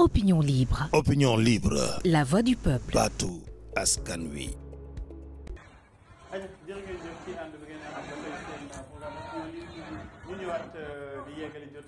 Opinion libre. Opinion libre. La voix du peuple. Partout, Askanui.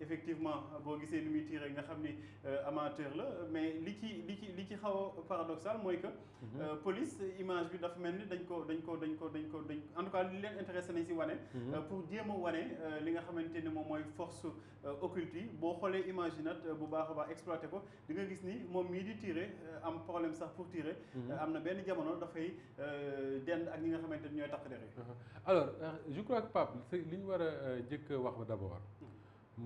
effectivement boo gisee ni muy tiiree nga xam euh, amateur là, mais li ci li ci li ci xaw paradoxal mooy que. Mhm. Euh, police image bi dafa mel ni dañ ko dañ ko dañ ko dañ ko dañ en tout cas li leen intéressé nañ si wane. Mhm. Euh, pour jéem a wane li nga xamante ni moom force occulte yi boo xoolee image yi nag bu baax a baax exploité ko di nga gis ni moom mii di tiiree am problème sax pour tiiree. Mhm. am na benn jamono dafay dend ak ñi nga xamante ni ñooy alors je crois que Pape c'est ñu war a jëkk wax d'abord.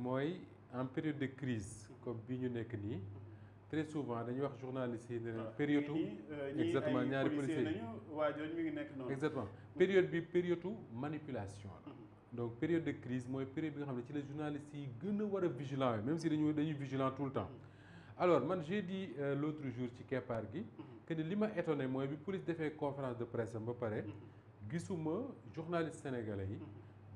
Moi, en période de crise comme bii ñu nekk très souvent les wax journalistes, ah, période euh, exactement ñaari policiers exactement mm-hmm. période bi période manipulation mm-hmm. donc période de crise moi période bi nga xam journalistes ci ne journaliste yi gën vigilant même si dañu dañuy vigilant tout le temps mm-hmm. alors man j'ai dit euh, l'autre jour ci keppaar gi que ni li ma étonné mooy bi police defee conférence de presse am ba pare gisuma journaliste sénégalais yi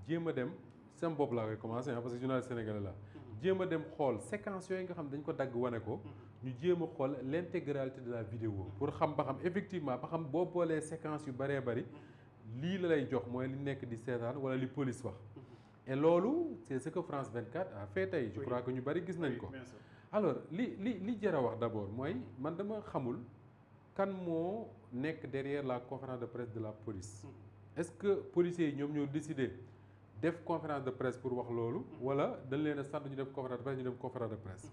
jéem dem sama bopp laa koy commencé hein, parce que journaliste sénégalais là djema Je dem xol séquence yooyu nga xam dañ ko dagg wané ko ñu djema xol l'intégralité de la vidéo pour xam ba xam effectivement ba xam bo boolee séquence yu bari bari li la lay jox moy li nekk di sétane wala li police wax et lolu c'est ce que France 24 a fait tay je crois que ñu bari gis nañ ko alors li li li jar dire wax d'abord moy man dama xamul kan mo derrière la conférence de presse de la police hmm. est ce que policiers ñom ñoo décidé def conférence de presse pour wax loolu. wala dañ leen a sant ñu def conférence de presse ñu dem conférence de presse.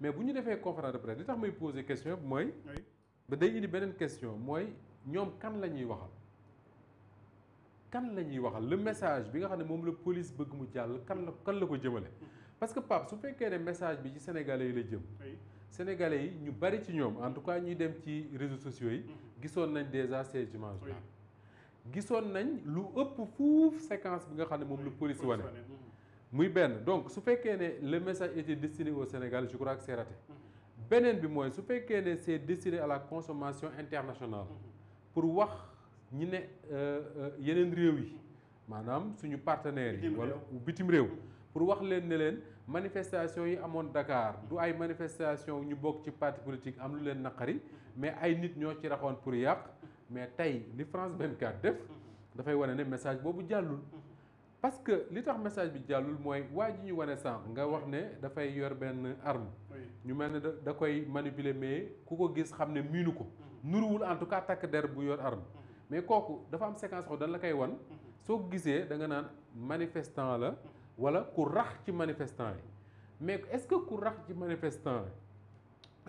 mais bu ñu defee conférence de presse li tax may poser question bi mooy. ba day indi beneen question mooy ñoom kan la ñuy waxal. kan la ñuy waxal le message bi nga xam ne moom la police bëgg mu jàll kan la kan la ko jëmale. parce que Pape su fekkee ne message bi ci sénégalais yi la jëm. sénégalais yi ñu bari ci ñoom en tout cas ñuy dem ci réseaux sociaux yi. Mhm. gisoon nañ déjà ces images gisoon nañ lu ëpp fuuf séquence bi nga xam ne moom la police wane muy benn donc su fekkee ne le message était destiné au Sénégal je crois que c'est raté beneen bi mooy su fekkee ne c'est destiné à la consommation internationale pour wax ñi ne euh, euh, yeneen réew yi maanaam suñu partenaires ou wala bitim réew pour wax leen ne leen manifestation yi amoon Dakar du ay manifestation ñu bokk ci parti politique am lu leen naqari mais ay nit ñoo ci raxoon pour yàq mais tay ni France 24 def dafay wane ne message bobu jàllul parce que li tax message bi jàllul moy waa ñu wane sànq nga wax ne fay yor ben arme ñu melni da koy manipuler mais kuko gis xam minuko miinu ko en tout cas tak der bu yor arme mais kooku dafa am séquence xaw dañ la kay won so gisee da nga naan manifestant la wala ku rax ci manifestant yi mais est-ce que ku rax ci manifestant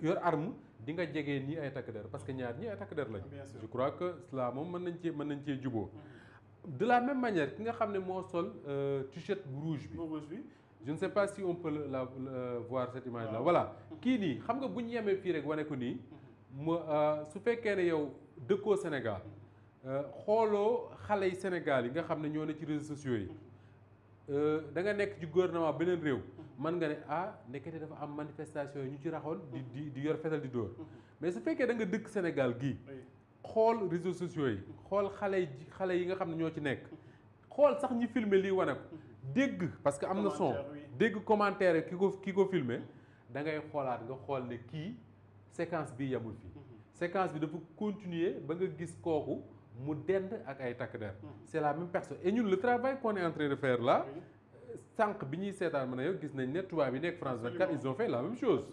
yor arme di nga jege nii ay takk der parce que ñaar ñii ay takk der lañ je crois que cela moom mën nañ cee mën nañ cee juboo mm-hmm. de la même manière ki nga xam ne moo sol euh, t-shirt bu rouge bi je ne sais pas si on peut la euh, voir cette image là voilà mm-hmm. kii nii xam nga bu ñu yemee fii rek wane ko nii ma mm-hmm. euh, su fekkee ne yow dëkkoo Sénégal xooloo xale yi Sénégal yi nga xam ne ñoo ne ci réseaux sociaux yi da nga nekk ci gouvernement beneen réew man nga ne ah dafa am manifestation ñu ci di di yor mais ce da nga dëkk Sénégal réseaux sociaux yi xool xale nga ñoo ci nekk sax ñi filmer parce que am na son séquence bi yamul mhm. séquence bi continuer ba nga gis mu mhm. c'est la même personne et le travail qu'on est en train de faire là sànq bi ñuy seetaan ma yow gis nañ ne tubaab yi nekk France 24 ils ont fait la même chose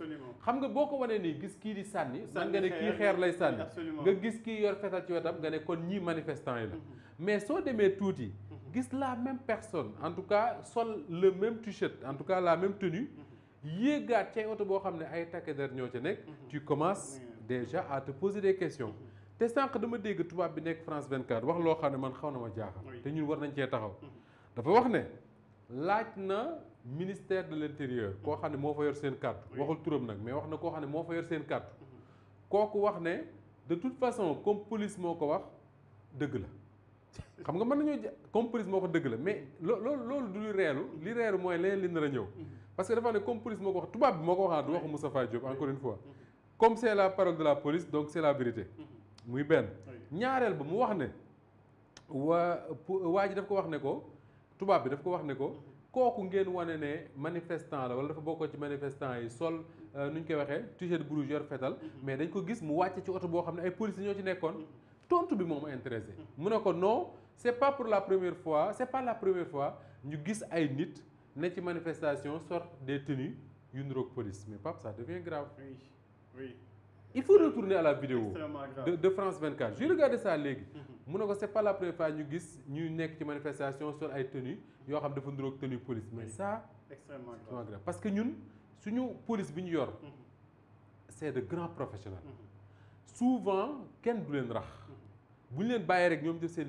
xam nga boko wone ni gis ki di sanni man nga ne ki xeer lay sanni nga gis ki yor fétal ci wétam nga né kon ñi manifestant yi la mm-hmm. mais soo demee tuuti mm-hmm. gis la même personne en tout cas sol le même t-shirt en tout cas la même tenue mm-hmm. yéegaat ci auto oto boo xam ne ay takk der ñoo ca nekk tu commences déjà à te poser des questions te sànq dama dégg tubaab bi nekk France 24 wax loo xam ne man xaw na ma jaaxal te ñun war nañ cee taxaw dafa wax ne laaj na ministère de l'intérieur mm-hmm. ko xamné mo fa yor sen carte waxul turum nak mais waxna ko xamné mo fa yor sen carte mm-hmm. koku wax ne de toute façon comme police moko wax deug la xam nga man nañoo ja comme police moo ko la mais loo loolu du li reelu li reelu moy leneen li nar ñew mm-hmm. parce que dafa né comme police moko wax tubaab bi moo wax naa du waxu Moustapha Diop encore une fois comme c'est la parole de la police donc c'est la vérité muy ben ñaarel ba mu wax ne waa waa daf ko wax ne ko tubaab bi daf ko wax ne ko kooku ngeen wane ne manifestant la wala dafa bokkoo ci manifestant yi sol euh, nu ñu koy waxee t-shirt rouge yor fetal mm-hmm. mais dañ ko gis mu wàcce ci auto bo xam ay police ñoo ci nekkoon tontu bi mom intéressé mm-hmm. mu ne ko non c'est pas pour la première fois c'est pas la première fois ñu gis ay nit ne ci manifestation sort des tenues yu niroog police mais Pape ça devient grave oui oui il faut retourner à la vidéo de, France 24 j'ai regardé ça à n'est c'est pas la première fois ñu gis ñuy nekk ci manifestation Nous ay tenues yoo xam dafa tenue police mais ça extrêmement grave parce que nous, suñu police bi ñu mhm. c'est de grands professionnels mhm. souvent personne du leen rax mhm. bu ñu leen bàyyi rek ñoom def seen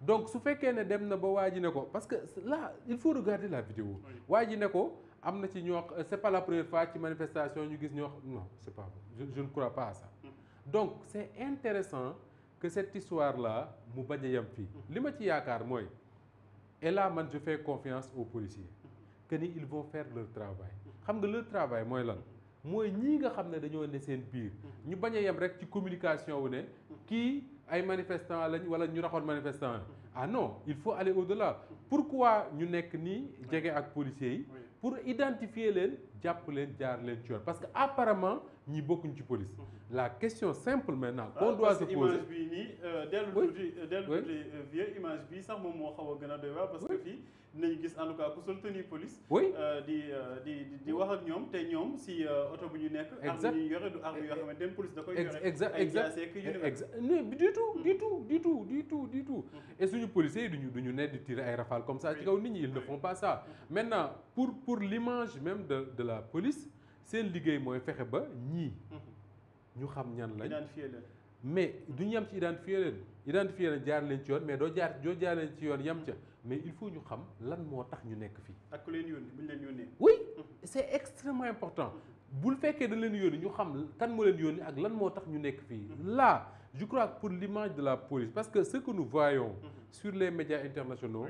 donc si fekkee fait dem na ba parce que là il faut regarder la vidéo waa ji ne ci euh, pas la première fois ci manifestation ñu gis ñoo non c'est pas je, je ne crois pas à ça mm. donc c'est intéressant que cette histoire là mu bañ a Ce qui mm. li ma ci et là man je fais confiance aux policiers qu'ils ils vont faire leur travail xam leur travail c'est lan C'est qu'ils nga qu'ils sont dañoo ne biir mm. ñu communication qui ay manifestants lañ wala ñu raxoon manifestant ah non il faut aller au-delà pourquoi ñu nek ni jege ak policiers pour identifier leen japp leen jaar leen tueur parce que apparemment ñi bokkuñ ci police mhm. la question simple maintenant ah, qu'on doit se poser image bii nii euh, dellu tuuti euh, dellu tuuti euh, vieux image bi sax mom mo xawa gëna doy waar parce que fi dinañ en tout cas police. oui euh, euh, di di di wax ak si auto euh, bu ñu nekk. exact ñu du eh, police exact exact du hmm. tout du tout du tout du tout du tout. et policiers ne ça ils ne font pas ça. Hmm. maintenant pour l'image même de la police c'est liguey moy ba hmm. ñu xam ñan mais ci mais mais il faut ñu xam lan moo tax ñu nekk ak leen leen oui c'est extrêmement important bul fekkee faites leen yónni ñu xam kan moo leen yónni ak lan moo tax ñu nekk là je crois pour l'image de la police parce que ce que nous voyons. Mhm. sur les médias internationaux.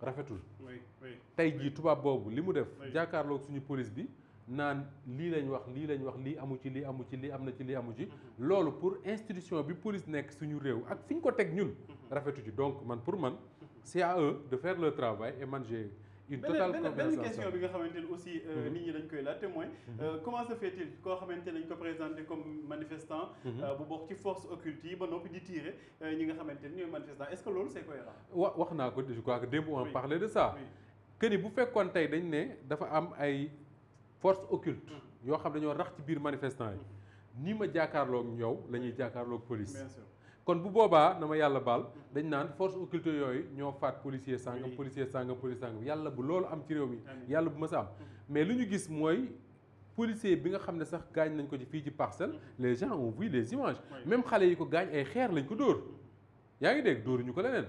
rafetul. oui oui tey jii tubaab boobu li mu def. jàkkaarloog suñu police bi. naan lii lañ wax li lañ wax li amu ci li amu ci li amna ci li amu ci mhm. lolu pour institution bi police nekk suñu rew ak fiñ ko tek ñun mhm. rafetu ci donc man pour man c'est à eux de faire leur travail et manger j'ai une totale Ben ben, question bi nga xamante aussi euh, mhm. nit ñi dañ koy laajte mooy mhm. euh, comment se fait-il koo xamante dañ ko présenté comme manifestant mhm. euh, bu bokk ci force occulte yi ba noppi di tirer ñi nga xamante manifestant est-ce que l'on c'est cohérent wa ko je crois que démb en parler de ça que ni bu fekkoon tey dañ ne dafa am ay force occulte yo xam dañoo rax ci biir manifestant ni ma jàkkaarloog yow la ñuy jàkkaarloog police bien sûr kon bu boobaa na ma yàlla baal dañ naan force occulte yooyu ñoo faat policier sàngam policier sàngam policier sàngam yàlla bu loolu am ci réew mi yàlla bu ma sa am mais lu ñu gis mooy policier bi nga xam ne sax gaañ nañ ko ci fii ci parcelle les gens ont vu les images même xale yi ko gaañ ay xeer lañ ko dóor yaa ngi dégg ñu ko leneen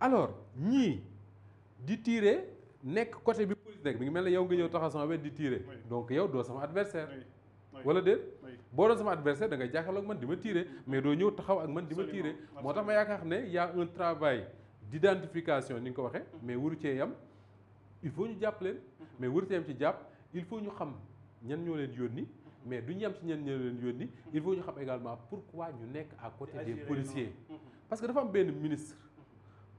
alors ñii di tiire nekk côté bi police nekk mi ngi mel ne yow nga ñëw taxaw sama wet di tiire donc yow doo sama adversaire wala déet bo doon sama adversaire da ngay jàkkaarloog man dima tirer mais do ñëw taxaw ak man dima tirer motax ma yakax ne y a un travail d'identification ni nga ko waxee mais waru yam il faut ñu japp len mais waru yam ci japp il faut ñu xam ñan ñoo leen yónni mais du yam ci ñan ñoo leen yónni il faut ñu xam également pourquoi ñu nekk à côté des policiers mhm. parce que dafa am ben ministre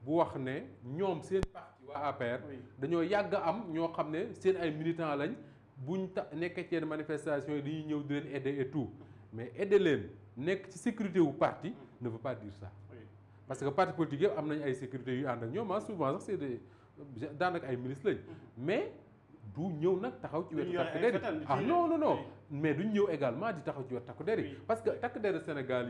bu wax né ñom seen parti wa ah, APR dañoo yag am ño xamné ne seen ay militants lañ buñ vous avez ci manifestation aider et tout mais aider sécurité parti ne veut pas dire ça parce que parti politique a une sécurité ah, souvent c'est des mhm. mais du ne pas de ci ah non non non mais nous également di parce que takk Sénégal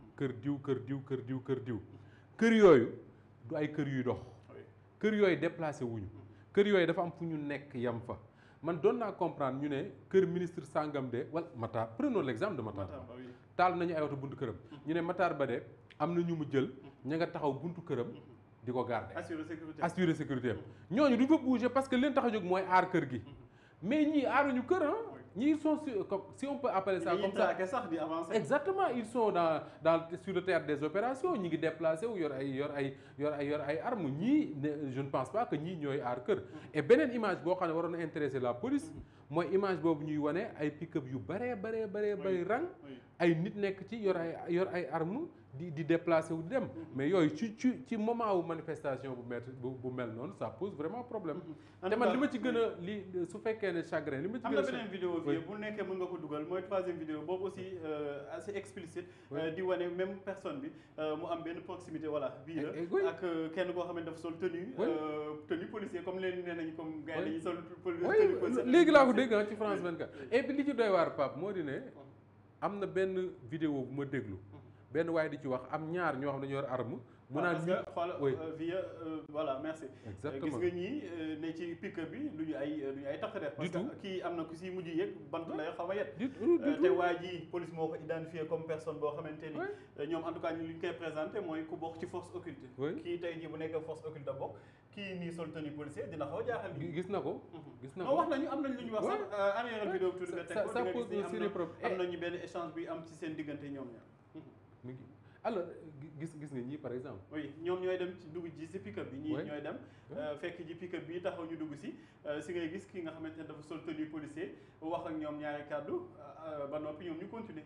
kër diw kër diw kër diw kër diw kër yooyu du ay kër yuy dox kër yooyu déplacé wuñu kër yooyu dafa am fu ñu nekk yam fa man doon naa comprendre ñu ne kër ministre sangam de wal Matar prenons l'exemple de Matar Ba taal nañu ay oto buntu këram mm-hmm. ñu ne Matar Ba de am na ñu mu jël mm-hmm. ña nga taxaw buntu këram mm-hmm. di ko garder assurer sécurité assurer sécurité am ñooñu fa bouger parce que leen tax a jóg mooy aar kër gi mais ñii aaruñu kër ñi ils sont sur comme si on peut appeler ça comme ça sax di avancer. exactement ils sont dans dans sur le théâtre des opérations ñi ngi déplacé wu yor ay yor ay yor ay yor ay armes ni je ne pense pas que ni ñooy aar kër. Mm-hmm. et beneen image boo xam ne waroon intéresser la police. Mm-hmm. mooy image boobu ñuy wane ay pick-up yu bëree bëree bëree bëri rang. ay nit nekk ci yor ay yor ay armes di di déplacer ou di dem mais yo ci ci tu moment où manifestation bu mett bu mel non ça pose vraiment problème. Mm-hmm. te man li ma ci gën a li su ne chagrin li ma ci gën a. vidéo bi bu nekkee mën nga ko dugal mooy troisième vidéo boobu aussi euh, assez explicite. Euh, di wane même personne bi euh, mu am benn proximité voilà. bien la eh, eh, ak kenn koo xam ne dafa sol tenue. tenue policier comme les nee comme gars yi dañuy sol. tenue policier léegi laa ko dégg ah, ci France 24. et puis li ci doy waar moi moo di ne am vidéo bu ma déglu ben way di ci wax am ñaar ño xam ne yor arme. mu ah, naan ñu xool euh, via euh, voilà merci. exactement euh, gis nga ñii ne ci pick bi luñu ay luñu ay takk def. parce que ki amna na ku si mujj yëg bant lay xaw a yet. te waa police moko identifier comme personne bo xamanteni ñom en tout cas ñu liñ ñu koy présenté moy ku bok ci force occulte. ki tay jii bu nek force occulte bok ki ni nii sol tenue policier dina xaw a jaaxal. gis nako ko gis na mhm. wax nañu am nañ wax sax. arrière vidéo tuuti nga teg ko di nga gis ni am na ñu ben échange bi am ci sen diggante ñom ñaar alors gis nga par exemple. oui dem ci pick-up bi. Euh, fekk pick-up bi taxaw ñu euh, si ngay ki nga dafa sol policier wax ak ñaari cadeau, euh, ba ñu continuer.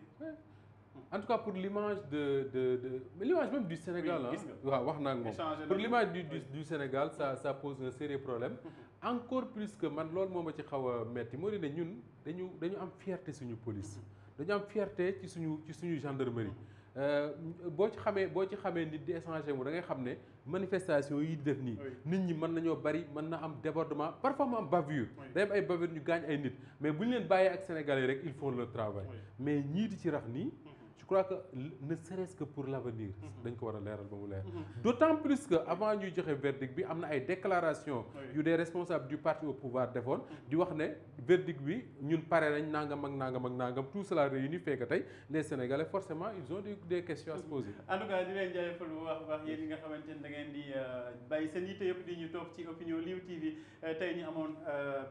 en tout cas pour l'image de l'image même du Sénégal hein. pour l'image du Sénégal ça pose un sérieux problème. Mm-hmm. encore plus que man lool moma ci xawa metti police. Mm-hmm. dañu am fierté ci suñu ci gendarmerie. Mm-hmm. Euh, boo ci xamee boo ci xamee nit di échanger wu da ngay xam ne manifestation yi def nii nit ñi mën nañoo bari mën na am débordement parfois mu am bavure day ay bavure ñu gaañ ay nit mais bu ñu leen bàyyee ak sénégalais rek il faut leur travail mais ñii ci rax nii hmm. crois que ne serait-ce que pour l'avenir d'autant plus que avant le verdict il y a déclaration des responsables du parti au pouvoir de di verdict bi le verdict, tout cela réuni fait les sénégalais forcément ils ont des questions à se poser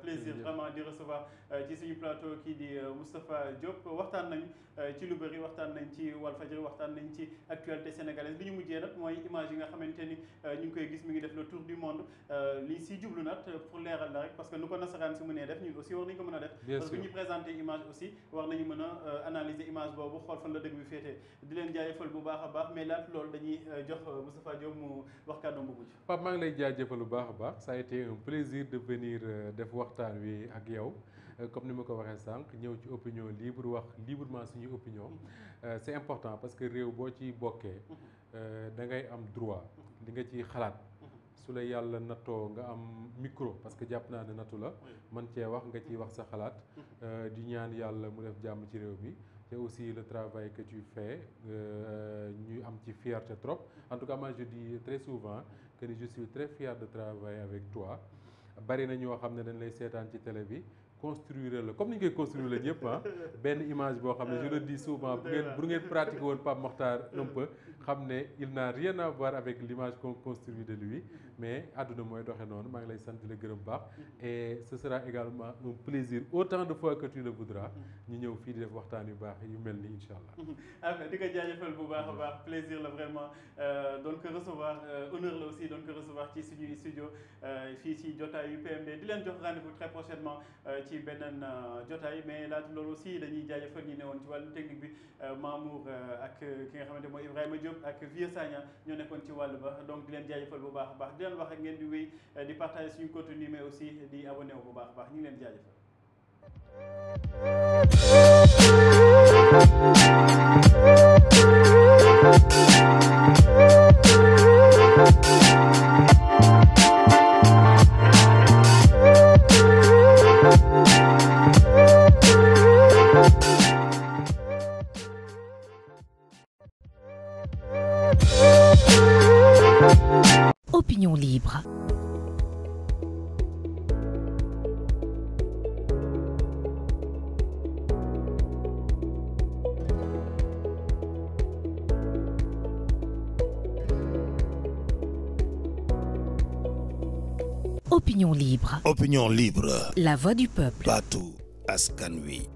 plaisir recevoir euh, plateau ci wal Walfadjri waxtaan nañ ci actualité sénégalaise bi ñu mujjee nag mooy image yi nga xamante ni euh, ñu ngi koy gis mi ngi def le tour du monde euh, li ci djublu nak pour leeral la rek parce que nu ko nasaraan si mënee def ñun aussi war nañu ko mëna def parce que ñu présenter image aussi war nañu mëna euh, analyser image bobu xol fan la dëgg bi fété di leen jaajëfal bu baax a baax mais lat lool dañuy jox Moustapha Diop mu wax kàddoom bu mujj Pape maa ngi lay jaajëfal bu baax a baax ça a été un plaisir de venir def waxtaan wi ak yow euh, comme nous ma ko waxee sànq une ci opinion libre wax librement une opinion mm-hmm. euh, c'est important parce que réew boo ci bokkee mm-hmm. euh, da ngay am droit li mm-hmm. nga ciy xalaat su la yàlla nattoo nga am micro parce que jàpp naa ne nattu la man cee wax nga ciy wax sa xalaat di ñaan yàlla mu def jàmm ci réew bi c'est aussi le travail que tu fais ñuy am ci fierté trop en tout cas moi je dis très souvent que je suis très fier de travailler avec toi bari na ñoo xam ne dañ lay seetaan ci télé construire le comme ni ñu construire le ñëpp ben image boo xam je le dis souvent bu ngeen bu ngeen pratiqué woon un peu xam il n'a rien à voir avec l'image qu'on construit de lui mais à de doxee noonu maa ngi lay sant di la gërëm baax et ce sera également un plaisir autant de fois que tu le voudras ñu ñëw fii di def waxtaan yu baax yu mel nii incha allah. am bu baax baax plaisir le vraiment euh, donc recevoir euh, honneur aussi donc recevoir ci suñuy studio euh, ici ci jotaayu UPMD di leen jox rendez-vous très prochainement ci benen euh, jotay mais laata loolu aussi dañuy jajeufal ñi ne ci walu technique bi euh, Mamour euh, ak ki nga xamante mo Ibrahima Diop ak Vieux Sagna ñoo nekkoon ci walu ba donc di leen jajeufal bu baax baax di leen wax ak ngeen di wéy di partager suñu contenu mais aussi di abonné wu bu baax a baax ñu ngi leen jaajëfal. libre. Opinion libre. Opinion libre. La voix du peuple. Batou Askanui.